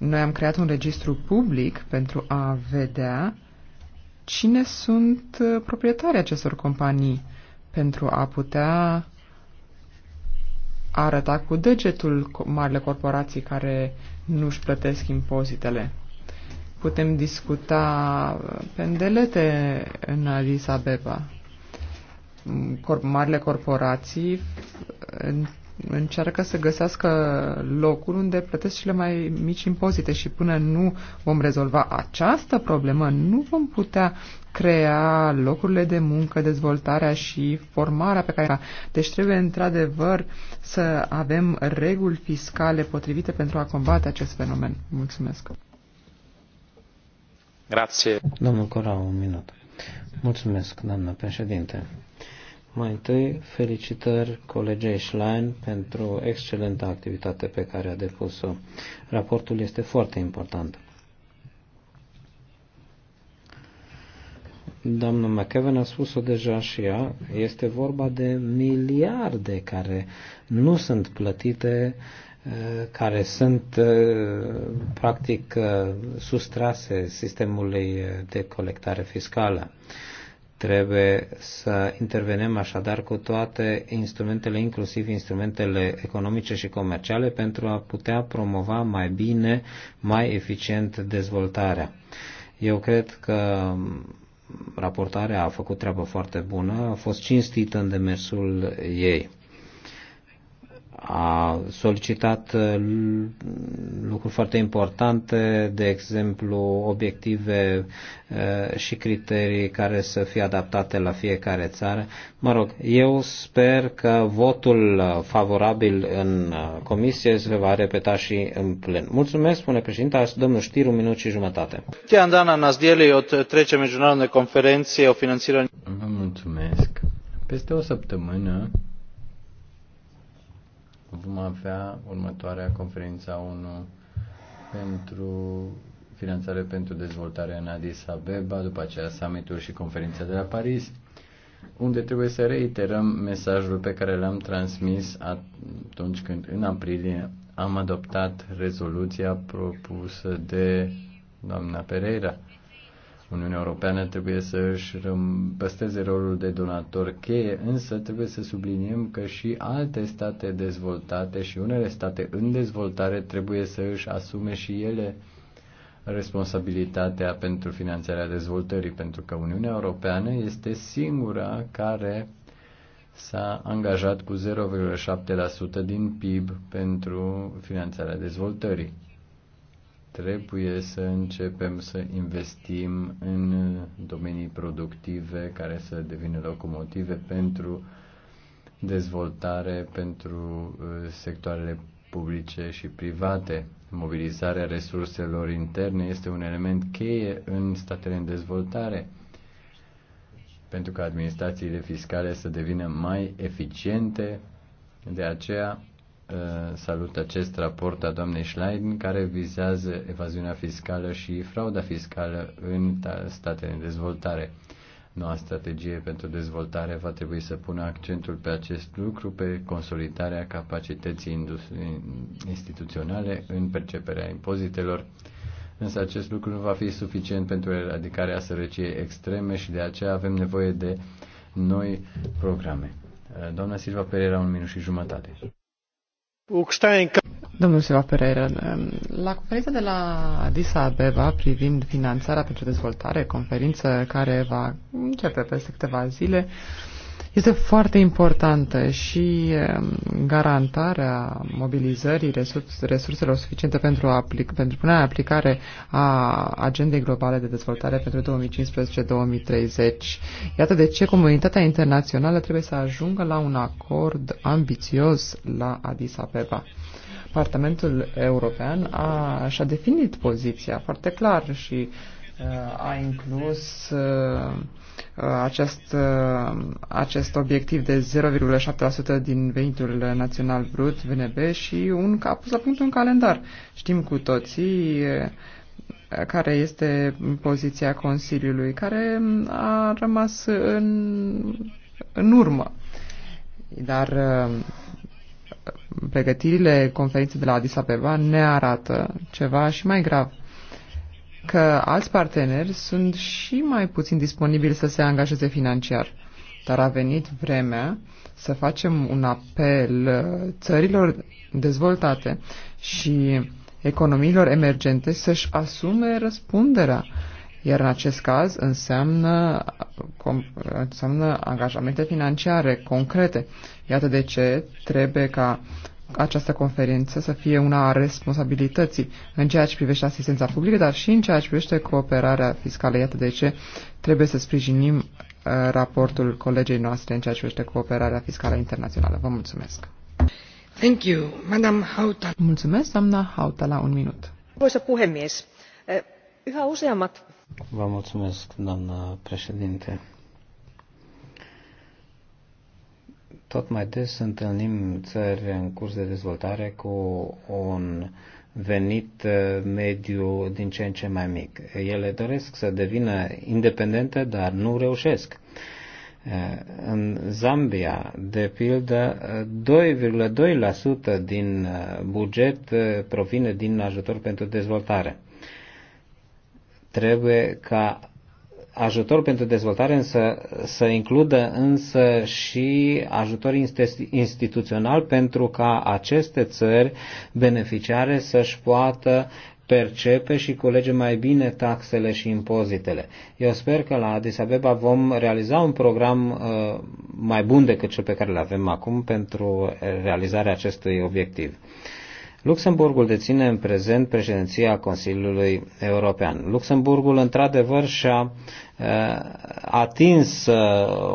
noi am creat un registru public pentru a vedea cine sunt uh, proprietarii acestor companii pentru a putea arăta cu degetul marile corporații care nu își plătesc impozitele. Putem discuta uh, pendelete în Addis Abeba. Mm, Cor- marile corporații încearcă să găsească locul unde plătesc cele mai mici impozite și până nu vom rezolva această problemă, nu vom putea crea locurile de muncă, dezvoltarea și formarea pe care... Deci trebuie într-adevăr să avem reguli fiscale potrivite pentru a combate acest fenomen. Mulțumesc. Grație. Domnul Cora, un minut. Mulțumesc, doamnă președinte. Mai întâi, felicitări colegei Schlein pentru excelentă activitate pe care a depus-o. Raportul este foarte important. Doamna McKeven a spus-o deja și ea, este vorba de miliarde care nu sunt plătite, eh, care sunt eh, practic eh, sustrase sistemului de colectare fiscală. Trebuie să intervenem așadar cu toate instrumentele, inclusiv instrumentele economice și comerciale, pentru a putea promova mai bine, mai eficient dezvoltarea. Eu cred că raportarea a făcut treabă foarte bună, a fost cinstită în demersul ei a solicitat uh, lucruri foarte importante, de exemplu obiective uh, și criterii care să fie adaptate la fiecare țară. Mă rog, eu sper că votul uh, favorabil în comisie se va repeta și în plen. Mulțumesc, spune președinte, domnul știri un minut și jumătate. Tiandana Nazdiele, o trece de conferenție, o finanțire... Vă mulțumesc. Peste o săptămână vom avea următoarea conferință 1 pentru finanțare pentru dezvoltare în Addis Abeba, după aceea summitul și conferința de la Paris, unde trebuie să reiterăm mesajul pe care l-am transmis atunci când în aprilie am adoptat rezoluția propusă de doamna Pereira Uniunea Europeană trebuie să își păsteze rolul de donator cheie, însă trebuie să subliniem că și alte state dezvoltate și unele state în dezvoltare trebuie să își asume și ele responsabilitatea pentru finanțarea dezvoltării, pentru că Uniunea Europeană este singura care s-a angajat cu 0,7% din PIB pentru finanțarea dezvoltării. Trebuie să începem să investim în domenii productive care să devină locomotive pentru dezvoltare, pentru uh, sectoarele publice și private. Mobilizarea resurselor interne este un element cheie în statele în dezvoltare pentru ca administrațiile fiscale să devină mai eficiente. De aceea Uh, salut acest raport a doamnei Schleiden care vizează evaziunea fiscală și frauda fiscală în statele în dezvoltare. Noua strategie pentru dezvoltare va trebui să pună accentul pe acest lucru, pe consolidarea capacității instituționale în perceperea impozitelor, însă acest lucru nu va fi suficient pentru eradicarea sărăciei extreme și de aceea avem nevoie de noi programe. Uh, doamna Silva Pereira, un minut și jumătate. Domnul Silva Pereira, um, la conferința de la Addis Abeba privind finanțarea pentru dezvoltare, conferință care va începe peste câteva zile, este foarte importantă și um, garantarea mobilizării resurselor suficiente pentru, aplic, pentru punerea în aplicare a agendei globale de dezvoltare pentru 2015-2030. Iată de ce comunitatea internațională trebuie să ajungă la un acord ambițios la Addis Abeba. Parlamentul European a, și-a definit poziția foarte clar și uh, a inclus uh, Uh, acest, uh, acest obiectiv de 0,7% din venitul național brut, VNB, și un, a pus la punct un calendar. Știm cu toții uh, care este poziția Consiliului, care um, a rămas în, în urmă. Dar pregătirile conferinței de la Addis Abeba ne arată ceva și mai grav că alți parteneri sunt și mai puțin disponibili să se angajeze financiar. Dar a venit vremea să facem un apel uh, țărilor dezvoltate și economiilor emergente să-și asume răspunderea. Iar în acest caz înseamnă, com, înseamnă angajamente financiare concrete. Iată de ce trebuie ca această conferință să fie una a responsabilității în ceea ce privește asistența publică, dar și în ceea ce privește cooperarea fiscală. Iată de ce trebuie să sprijinim uh, raportul colegei noastre în ceea ce privește cooperarea fiscală internațională. Vă mulțumesc. Thank you, Madam Hauta. Mulțumesc, doamna Hauta, la un minut. Arvoisa puhemies, eh, yhä useammat... Vă mulțumesc, doamna președinte Tot mai des întâlnim țări în curs de dezvoltare cu un venit uh, mediu din ce în ce mai mic. Ele doresc să devină independente, dar nu reușesc. Uh, în Zambia, de pildă, 2,2% din uh, buget provine din ajutor pentru dezvoltare. Trebuie ca ajutor pentru dezvoltare însă, să includă însă și ajutor instituțional pentru ca aceste țări beneficiare să-și poată percepe și colege mai bine taxele și impozitele. Eu sper că la Addis Abeba vom realiza un program uh, mai bun decât cel pe care îl avem acum pentru realizarea acestui obiectiv. Luxemburgul deține în prezent președinția Consiliului European. Luxemburgul, într-adevăr, și-a eh, atins eh,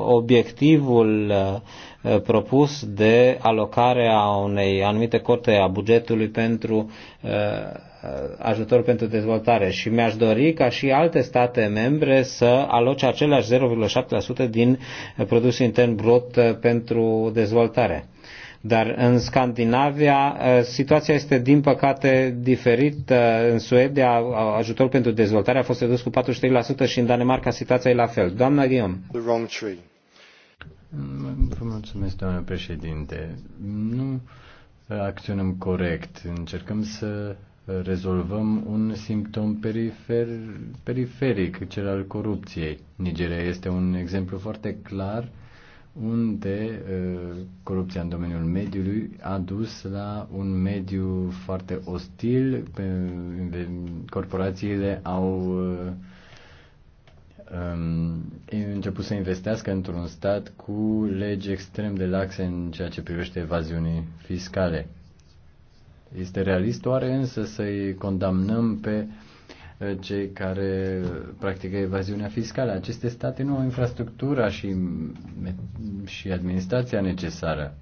obiectivul eh, propus de alocarea unei anumite corte a bugetului pentru ajutor pentru dezvoltare și mi-aș dori ca și alte state membre să aloce același 0,7% din produsul intern brut pentru dezvoltare. Dar în Scandinavia ă, situația este din păcate diferită. În Suedia ajutorul pentru dezvoltare a fost redus cu 43% și în Danemarca situația e la fel. Doamna Guillaume. Vă mulțumesc, doamnă președinte. Nu acționăm corect. Încercăm să rezolvăm un simptom perifer, periferic, cel al corupției. Nigeria este un exemplu foarte clar unde uh, corupția în domeniul mediului a dus la un mediu foarte ostil. Corporațiile au uh, um, început să investească într-un stat cu legi extrem de laxe în ceea ce privește evaziunii fiscale. Este realist oare însă să-i condamnăm pe uh, Eh, cei care practică evaziunea fiscală. Aceste state nu au infrastructura și, și administrația necesară.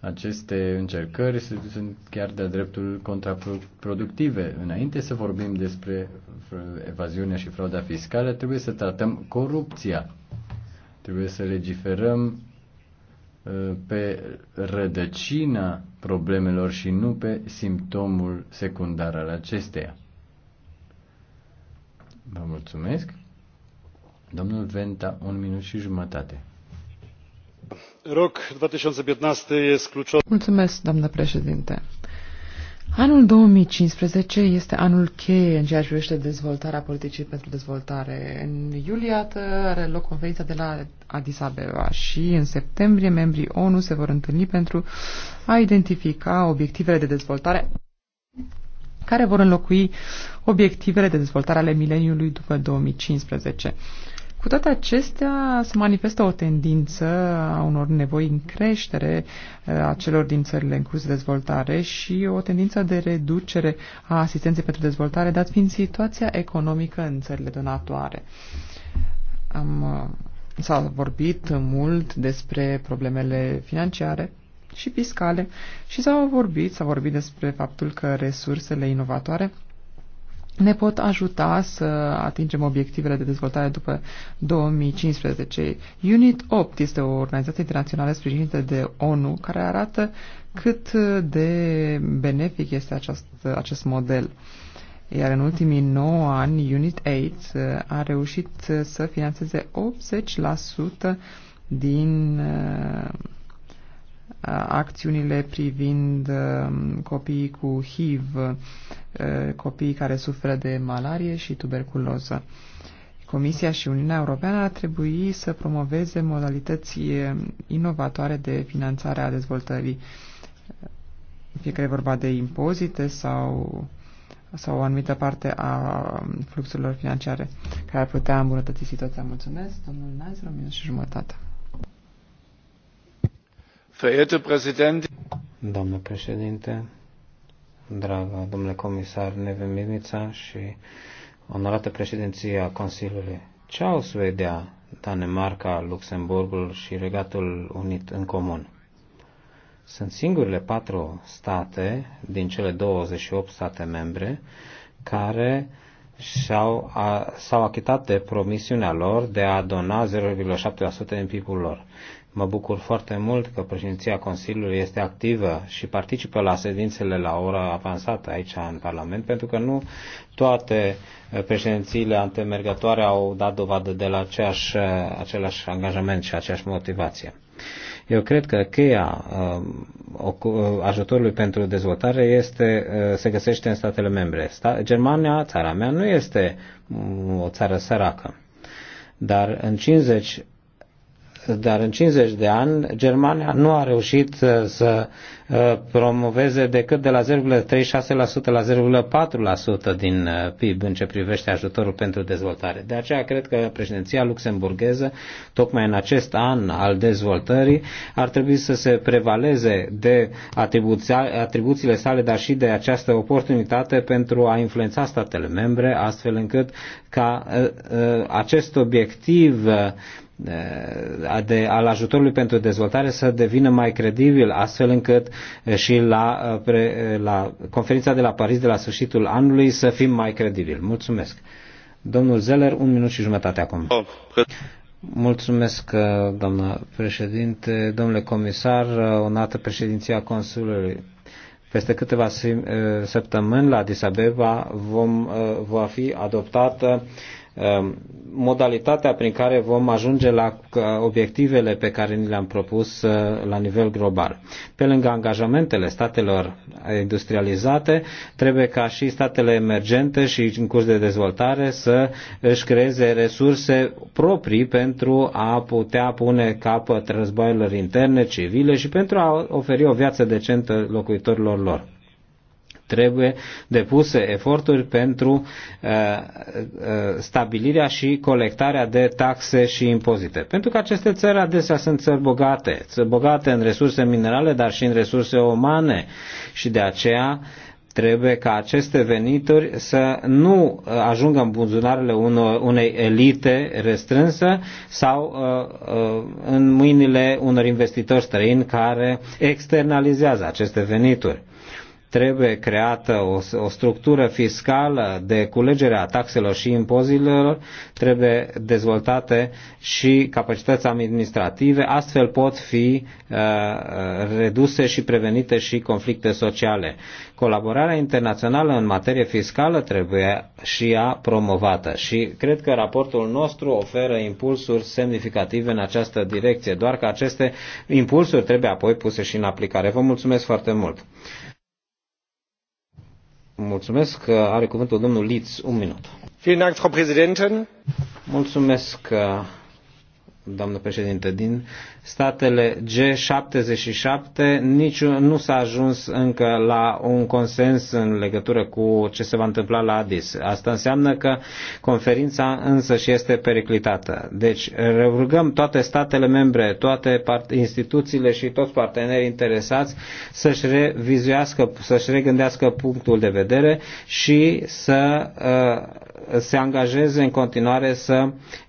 Aceste încercări sunt chiar de dreptul contraproductive. Înainte să vorbim despre evaziunea și frauda fiscală, trebuie să tratăm corupția. Trebuie să legiferăm eh, pe rădăcina problemelor și nu pe simptomul secundar al acesteia. Vă mulțumesc. Domnul Venta, un minut și jumătate. Rok 2015 este crucial. Mulțumesc, doamnă președinte. Anul 2015 este anul cheie în ceea ce privește dezvoltarea politicii pentru dezvoltare. În iulie are loc conferința de la Addis Abeba și în septembrie membrii ONU se vor întâlni pentru a identifica obiectivele de dezvoltare care vor înlocui obiectivele de dezvoltare ale mileniului după 2015. Cu toate acestea, se manifestă o tendință a unor nevoi în creștere uh, a celor din țările în curs de dezvoltare și o tendință de reducere a asistenței pentru dezvoltare, dat fiind situația economică în țările donatoare. Am, uh, s-a vorbit mult despre problemele financiare și fiscale și s au vorbit, s au vorbit despre faptul că resursele inovatoare ne pot ajuta să atingem obiectivele de dezvoltare după 2015. Unit 8 este o organizație internațională sprijinită de ONU care arată cât de benefic este acest, acest model. Iar în ultimii 9 ani, Unit 8 a reușit să financeze 80% din Uh, acțiunile privind um, copiii cu HIV, uh, copiii care suferă de malarie și tuberculoză. Comisia și Uniunea Europeană ar trebui să promoveze modalități uh, inovatoare de finanțare a dezvoltării, fie că e vorba de impozite sau, sau o anumită parte a um, fluxurilor financiare care ar putea îmbunătăți situația. Mulțumesc, domnul Nazir, o minut și jumătate. Verehrte Präsidentin! Doamnă președinte, dragă domnule comisar Neve Mimica și onorată președinție a Consiliului, ce au Suedia, Danemarca, Luxemburgul și Regatul Unit în comun? Sunt singurele patru state din cele 28 state membre care și-au, s-au achitat de promisiunea lor de a dona 0,7% din PIB-ul lor. Mă bucur foarte mult că președinția Consiliului este activă și participă la sedințele la ora avansată aici în Parlament, pentru că nu toate eh, președințiile antemergătoare au dat dovadă de la aceeași, eh, același angajament și aceeași motivație. Eu cred că cheia eh, ajutorului pentru dezvoltare este, se găsește în statele membre. Germania, țara mea, nu este mm, o țară săracă, dar în 50 dar în 50 de ani Germania nu a reușit uh, să uh, promoveze decât de la 0,36% la 0,4% din uh, PIB în ce privește ajutorul pentru dezvoltare. De aceea cred că președinția luxemburgheză, tocmai în acest an al dezvoltării, ar trebui să se prevaleze de atribuțiile sale, dar și de această oportunitate pentru a influența statele membre, astfel încât ca acest obiectiv de, al ajutorului pentru dezvoltare să devină mai credibil, astfel încât eh, și la, eh, pre, eh, la conferința de la Paris de la sfârșitul anului să fim mai credibili. Mulțumesc. Domnul Zeller, un minut și jumătate acum. Mulțumesc, doamnă președinte, domnule comisar, onată președinția Consiliului. Peste câteva săptămâni la Disabeba vom, va fi adoptată Um, modalitatea prin care vom ajunge la uh, obiectivele pe care ni le-am propus uh, la nivel global. Pe lângă angajamentele statelor industrializate, trebuie ca și statele emergente și în curs de dezvoltare să își creeze resurse proprii pentru a putea pune capăt războaielor interne, civile și pentru a oferi o viață decentă locuitorilor lor trebuie depuse eforturi pentru uh, uh, stabilirea și colectarea de taxe și impozite. Pentru că aceste țări adesea sunt țări bogate, țări bogate în resurse minerale, dar și în resurse umane și de aceea trebuie ca aceste venituri să nu uh, ajungă în buzunarele unei elite restrânsă sau în mâinile unor investitori străini care externalizează aceste venituri. Trebuie creată o, o structură fiscală de culegere a taxelor și impozitelor, trebuie dezvoltate și capacități administrative, astfel pot fi uh, reduse și prevenite și conflicte sociale. Colaborarea internațională în materie fiscală trebuie și ea promovată și cred că raportul nostru oferă impulsuri semnificative în această direcție, doar că aceste impulsuri trebuie apoi puse și în aplicare. Vă mulțumesc foarte mult! Mulțumesc. Are cuvântul domnul Litz. Un minut. Mulțumesc, uh, doamnă președinte, din statele G77 nici nu s-a ajuns încă la un consens în legătură cu ce se va întâmpla la Addis. Asta înseamnă că conferința însă și este periclitată. Deci rugăm toate statele membre, toate instituțiile și toți partenerii interesați să-și revizuiască, să-și regândească punctul de vedere și să uh, se angajeze în continuare să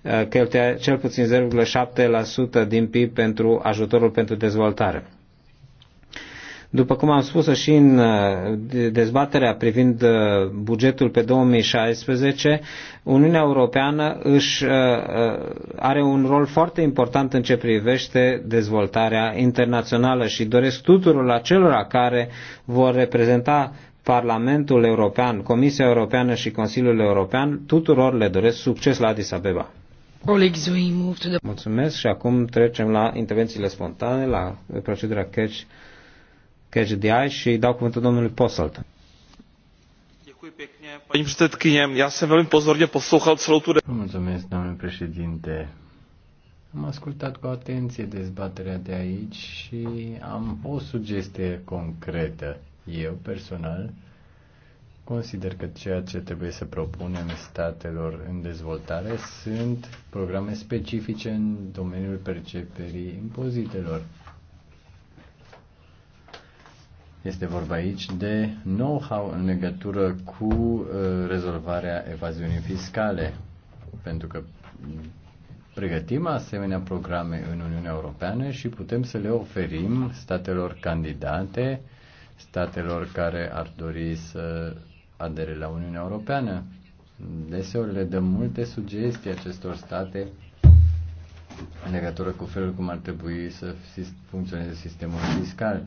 uh, cheltuie cel puțin 0,7% din PIB pentru ajutorul pentru dezvoltare. După cum am spus și în uh, dezbaterea privind uh, bugetul pe 2016, Uniunea Europeană își are un rol foarte important în ce privește dezvoltarea internațională și doresc tuturor acelora care vor reprezenta Parlamentul European, Comisia Europeană și Consiliul European, tuturor le doresc succes la Addis Abeba. Mulțumesc și acum trecem la intervențiile spontane, la procedura catch, catch the eye și dau cuvântul domnului Posalt. Mulțumesc, domnule președinte. Am ascultat cu atenție dezbaterea de aici și am o sugestie concretă eu personal consider că ceea ce trebuie să propunem statelor în dezvoltare sunt programe specifice în domeniul perceperii impozitelor. Este vorba aici de know-how în legătură cu uh, rezolvarea evaziunii fiscale, pentru că pregătim asemenea programe în Uniunea Europeană și putem să le oferim statelor candidate statelor care ar dori să adere la Uniunea Europeană. Deseori le dăm multe sugestii acestor state în legătură cu felul cum ar trebui să funcționeze sistemul fiscal.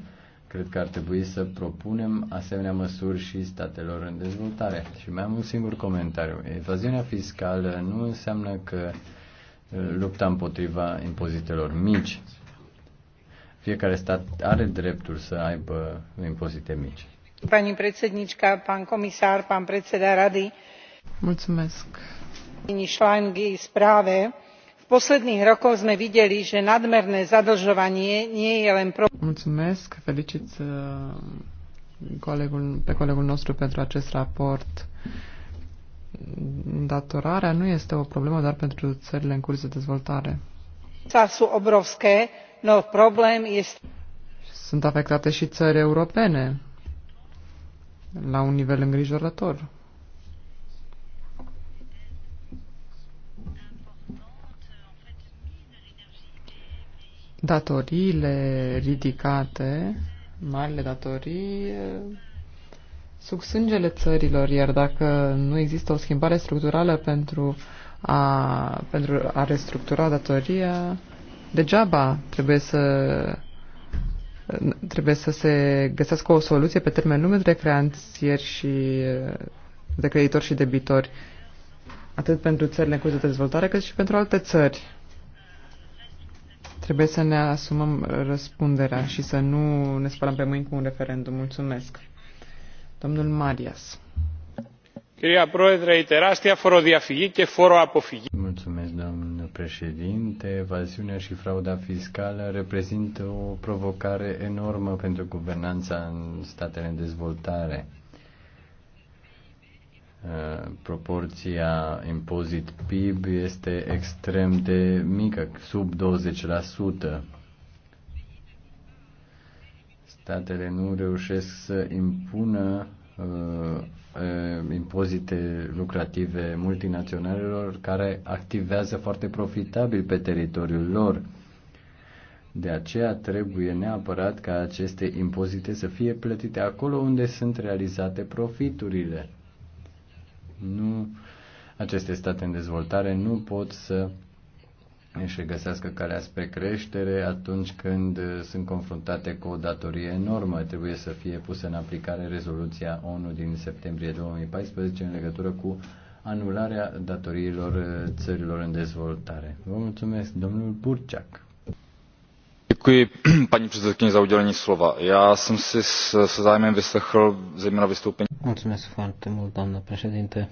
Cred că ar trebui să propunem asemenea măsuri și statelor în dezvoltare. Și mai am un singur comentariu. Evaziunea fiscală nu înseamnă că uh, lupta împotriva impozitelor mici. Fiecare stat are dreptul să aibă impozite mici. Pani predsednička, pan comisar, pan predseda rady. Mulțumesc. Šlangy správe. V posledných rokoch sme videli, že nadmerné zadlžovanie nie je len problém. Mulțumesc, felicit uh, colegul, pe colegul nostru pentru acest raport. Datorarea nu este o problemă doar pentru țările în curs de dezvoltare. Sú obrovské no problem este... Sunt afectate și țări europene la un nivel îngrijorător. Datoriile ridicate, marile datorii, sub sângele țărilor, iar dacă nu există o schimbare structurală pentru a, pentru a restructura datoria, degeaba trebuie să trebuie să se găsească o soluție pe termen lung între creanțieri și de creditori și debitori, atât pentru țările în de dezvoltare, cât și pentru alte țări. Trebuie să ne asumăm răspunderea și să nu ne spălăm pe mâini cu un referendum. Mulțumesc. Domnul Marias. Κυρία Πρόεδρε, η τεράστια φοροδιαφυγή και φοροαποφυγή. Mulțumesc, doamnă președinte, evaziunea și frauda fiscală reprezintă o provocare enormă pentru guvernanța în statele în dezvoltare. Uh, proporția impozit PIB este extrem de mică, sub 20%. Statele nu reușesc să impună uh, Uh, impozite lucrative multinaționalelor care activează foarte profitabil pe teritoriul lor. De aceea trebuie neapărat ca aceste impozite să fie plătite acolo unde sunt realizate profiturile. Nu, aceste state în dezvoltare nu pot să își găsească calea spre creștere atunci când uh, sunt confruntate cu o datorie enormă. Trebuie să fie pusă în aplicare rezoluția ONU din septembrie 2014 în legătură cu anularea datoriilor uh, țărilor în dezvoltare. Vă mulțumesc, domnul Burceac. Děkuji, paní předsedkyně, za udělení slova. Já jsem si se zájmem vyslechl zejména vystoupení. Mulțumesc foarte mult, doamnă președinte.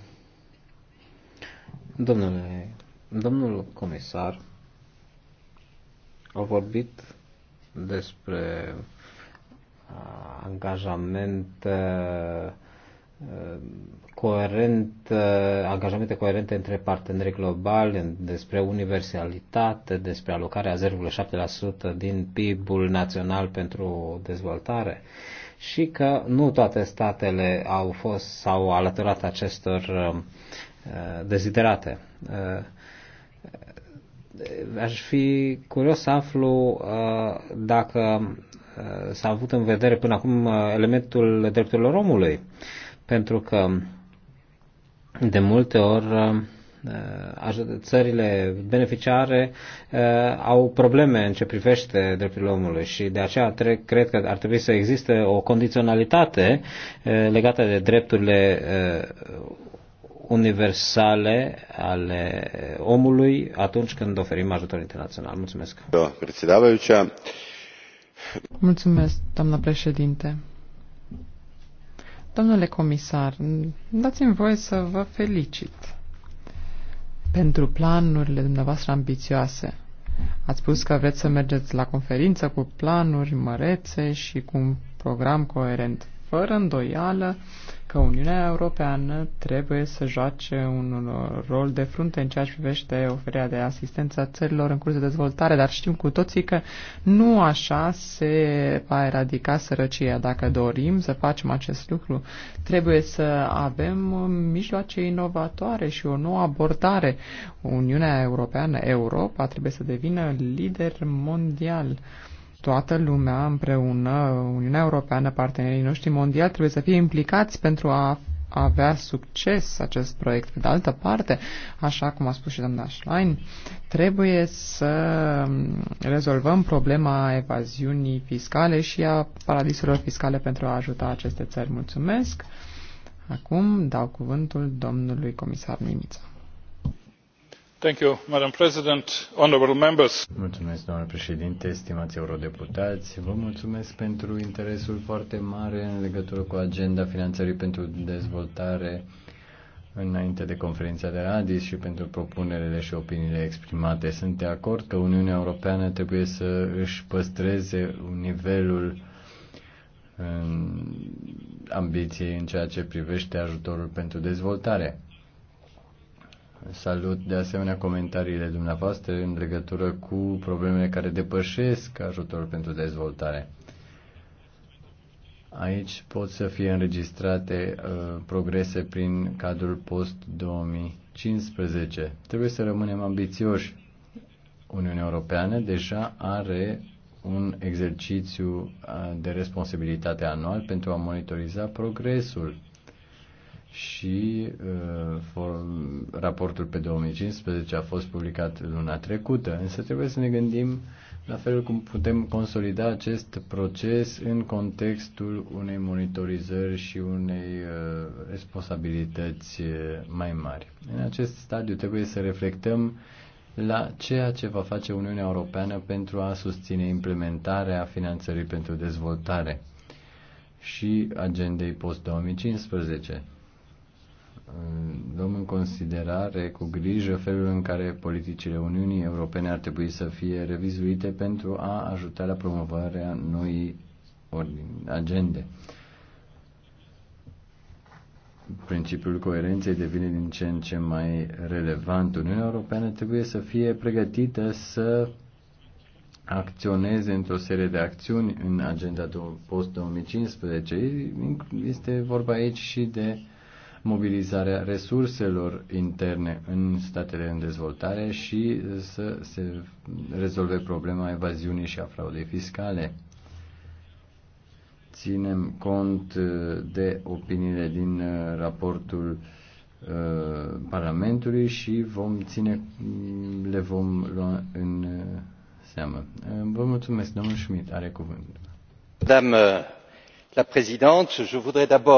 Domnule, domnul comisar, au vorbit despre angajament coerent, angajamente coerente între parteneri globali, despre universalitate, despre alocarea 0,7% din PIB-ul național pentru dezvoltare și că nu toate statele au fost sau alăturat acestor deziderate aș fi curios să aflu uh, dacă uh, s-a avut în vedere până acum uh, elementul drepturilor omului, pentru că de multe ori țările beneficiare au probleme în ce privește drepturile omului și de aceea cred că ar trebui să existe o condiționalitate legată de drepturile universale ale omului atunci când oferim ajutor internațional. Mulțumesc. Mulțumesc, doamna președinte. Domnule comisar, dați-mi voie să vă felicit pentru planurile dumneavoastră ambițioase. Ați spus că vreți să mergeți la conferință cu planuri mărețe și cu un program coerent. Fără îndoială, că Uniunea Europeană trebuie să joace un rol de frunte în ceea ce privește oferirea de asistență a țărilor în curs de dezvoltare, dar știm cu toții că nu așa se va eradica sărăcia. Dacă dorim să facem acest lucru, trebuie să avem mijloace inovatoare și o nouă abordare. Uniunea Europeană, Europa, trebuie să devină lider mondial toată lumea împreună, Uniunea Europeană, partenerii noștri mondiali, trebuie să fie implicați pentru a avea succes acest proiect. Pe de altă parte, așa cum a spus și doamna Schlein, trebuie să rezolvăm problema evaziunii fiscale și a paradisurilor fiscale pentru a ajuta aceste țări. Mulțumesc! Acum dau cuvântul domnului comisar Mimița. Mulțumesc, doamnă președinte, stimați eurodeputați. Vă mulțumesc pentru interesul foarte mare în legătură cu agenda finanțării pentru dezvoltare înainte de conferința de la Addis și pentru propunerele și opiniile exprimate. Sunt de acord că Uniunea Europeană trebuie să își păstreze nivelul um, ambiției în ceea ce privește ajutorul pentru dezvoltare Salut de asemenea comentariile dumneavoastră în legătură cu problemele care depășesc ajutorul pentru dezvoltare. Aici pot să fie înregistrate uh, progrese prin cadrul post-2015. Trebuie să rămânem ambițioși. Uniunea Europeană deja are un exercițiu uh, de responsabilitate anual pentru a monitoriza progresul și uh, for, raportul pe 2015 a fost publicat luna trecută, însă trebuie să ne gândim la fel cum putem consolida acest proces în contextul unei monitorizări și unei uh, responsabilități uh, mai mari. În acest stadiu trebuie să reflectăm la ceea ce va face Uniunea Europeană pentru a susține implementarea finanțării pentru dezvoltare și agendei post-2015 luăm în considerare cu grijă felul în care politicile Uniunii Europene ar trebui să fie revizuite pentru a ajuta la promovarea noii agende. Principiul coerenței devine din ce în ce mai relevant. Uniunea Europeană trebuie să fie pregătită să acționeze într-o serie de acțiuni în agenda post-2015. Este vorba aici și de uh, mobilizarea resurselor interne în statele în dezvoltare și să se rezolve problema evaziunii și a fraudei fiscale. Ținem cont uh, de opiniile din uh, raportul uh, Parlamentului și vom ține, mm, le vom lua în seamă. Vă mulțumesc, domnul Schmidt, are cuvântul. Madame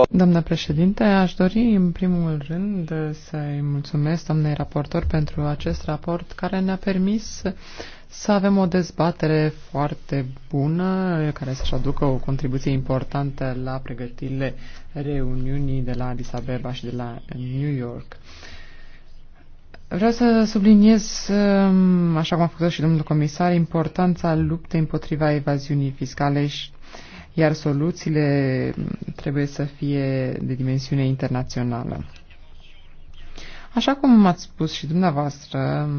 Doamnă președinte, aș dori în primul rând să îi mulțumesc doamnei raportor pentru acest raport care ne-a permis să avem o dezbatere foarte bună care să-și aducă o contribuție importantă la pregătirile reuniunii de la Addis Abeba și de la New York. Vreau să subliniez, așa cum a făcut și domnul comisar, importanța luptei împotriva evaziunii fiscale și iar soluțiile trebuie să fie de dimensiune internațională. Așa cum ați spus și dumneavoastră,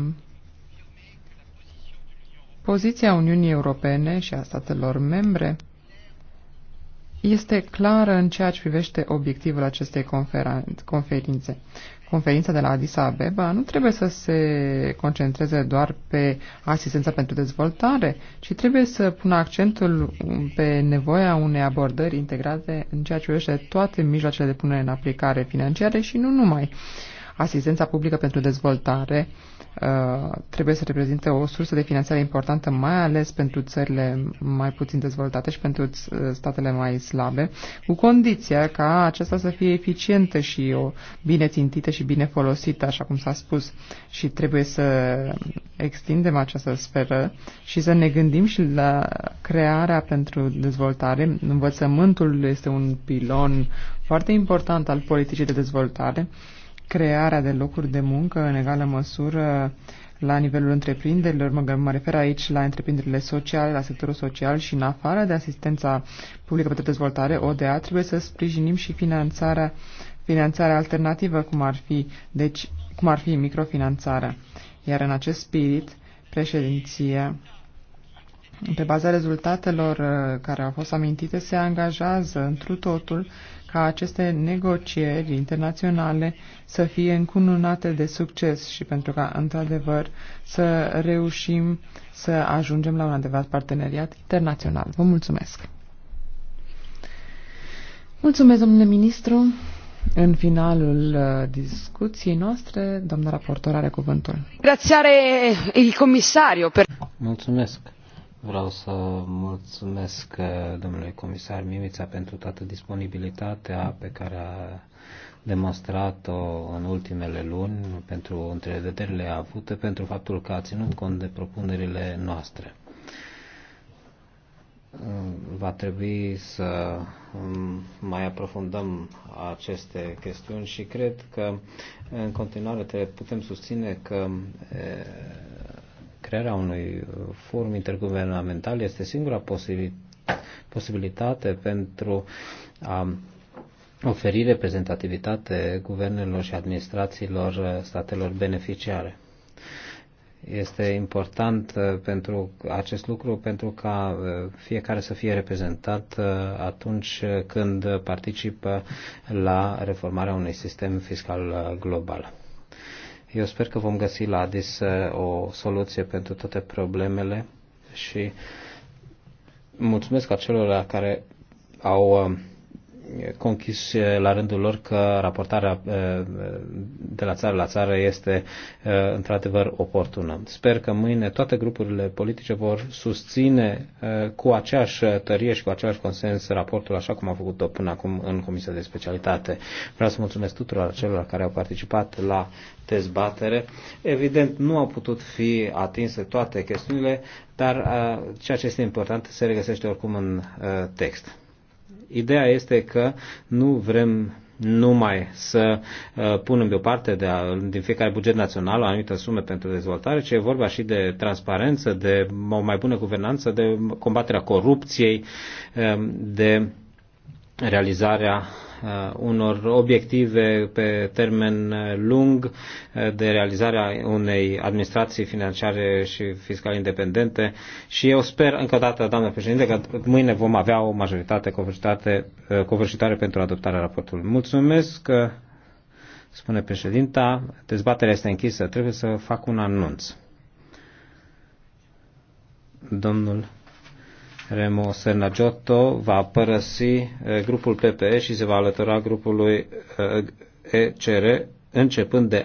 poziția Uniunii Europene și a statelor membre este clară în ceea ce privește obiectivul acestei conferințe conferința de la Addis Abeba nu trebuie să se concentreze doar pe asistența pentru dezvoltare, ci trebuie să pună accentul pe nevoia unei abordări integrate în ceea ce privește toate mijloacele de punere în aplicare financiare și nu numai. Uh, asistența publică pentru dezvoltare uh, trebuie să reprezinte o sursă de finanțare importantă, mai ales pentru țările mai puțin dezvoltate și pentru uh, statele mai slabe, cu condiția ca aceasta să fie eficientă și o bine țintită și bine folosită, așa cum s-a spus. Și trebuie să extindem această sferă și să ne gândim și la crearea pentru dezvoltare. Învățământul este un pilon foarte important al politicii de dezvoltare crearea de locuri de muncă în egală măsură la nivelul întreprinderilor, mă, mă refer aici la întreprinderile sociale, la sectorul social și în afară de asistența publică pentru dezvoltare, ODA, trebuie să sprijinim și finanțarea, finanțarea alternativă, cum ar fi, deci, cum ar fi microfinanțarea. Iar în acest spirit, președinția, pe baza rezultatelor uh, care au fost amintite, se angajează întru totul ca aceste negocieri internaționale să fie încununate de succes și pentru ca, într-adevăr, să reușim să ajungem la un adevărat parteneriat internațional. Vă mulțumesc! Mulțumesc, domnule ministru! În finalul uh, discuției noastre, doamna raportor are cuvântul. Grațiare il comisario per... Mulțumesc! Vreau să mulțumesc eh, domnului comisar Mimița pentru toată disponibilitatea pe care a demonstrat-o în ultimele luni, pentru întrevederile avute, pentru faptul că a ținut cont de propunerile noastre. Eh, va trebui să mm, mai aprofundăm aceste chestiuni și cred că în continuare te putem susține că eh, crearea unui uh, forum interguvernamental este singura posibilitate pentru a oferi reprezentativitate guvernelor și administrațiilor uh, statelor beneficiare. Este important uh, pentru acest lucru pentru ca fiecare să fie reprezentat atunci când participă la reformarea unui sistem fiscal global. Eu sper că vom găsi la Adis uh, o soluție pentru toate problemele și mulțumesc acelora care au uh, conchis la rândul lor că raportarea de la țară la țară este într-adevăr oportună. Sper că mâine toate grupurile politice vor susține cu aceeași tărie și cu același consens raportul așa cum a făcut-o până acum în Comisia de Specialitate. Vreau să mulțumesc tuturor celor care au participat la dezbatere. Evident, nu au putut fi atinse toate chestiunile, dar ceea ce este important se regăsește oricum în text. Ideea este că nu vrem numai să uh, punem deoparte de a, din fiecare buget național o anumită sumă pentru dezvoltare, ci e vorba și de transparență, de o mai bună guvernanță, de combaterea corupției, um, de realizarea uh, unor obiective pe termen uh, lung uh, de realizarea unei administrații financiare și fiscale independente și eu sper încă o dată, doamnă președinte, că mâine vom avea o majoritate covârșitoare pentru adoptarea raportului. Mulțumesc, spune președinta, dezbaterea este închisă, trebuie să fac un anunț. Domnul Remo Sernagiotto va părăsi eh, grupul PPE și se va alătura grupului ECR eh, începând de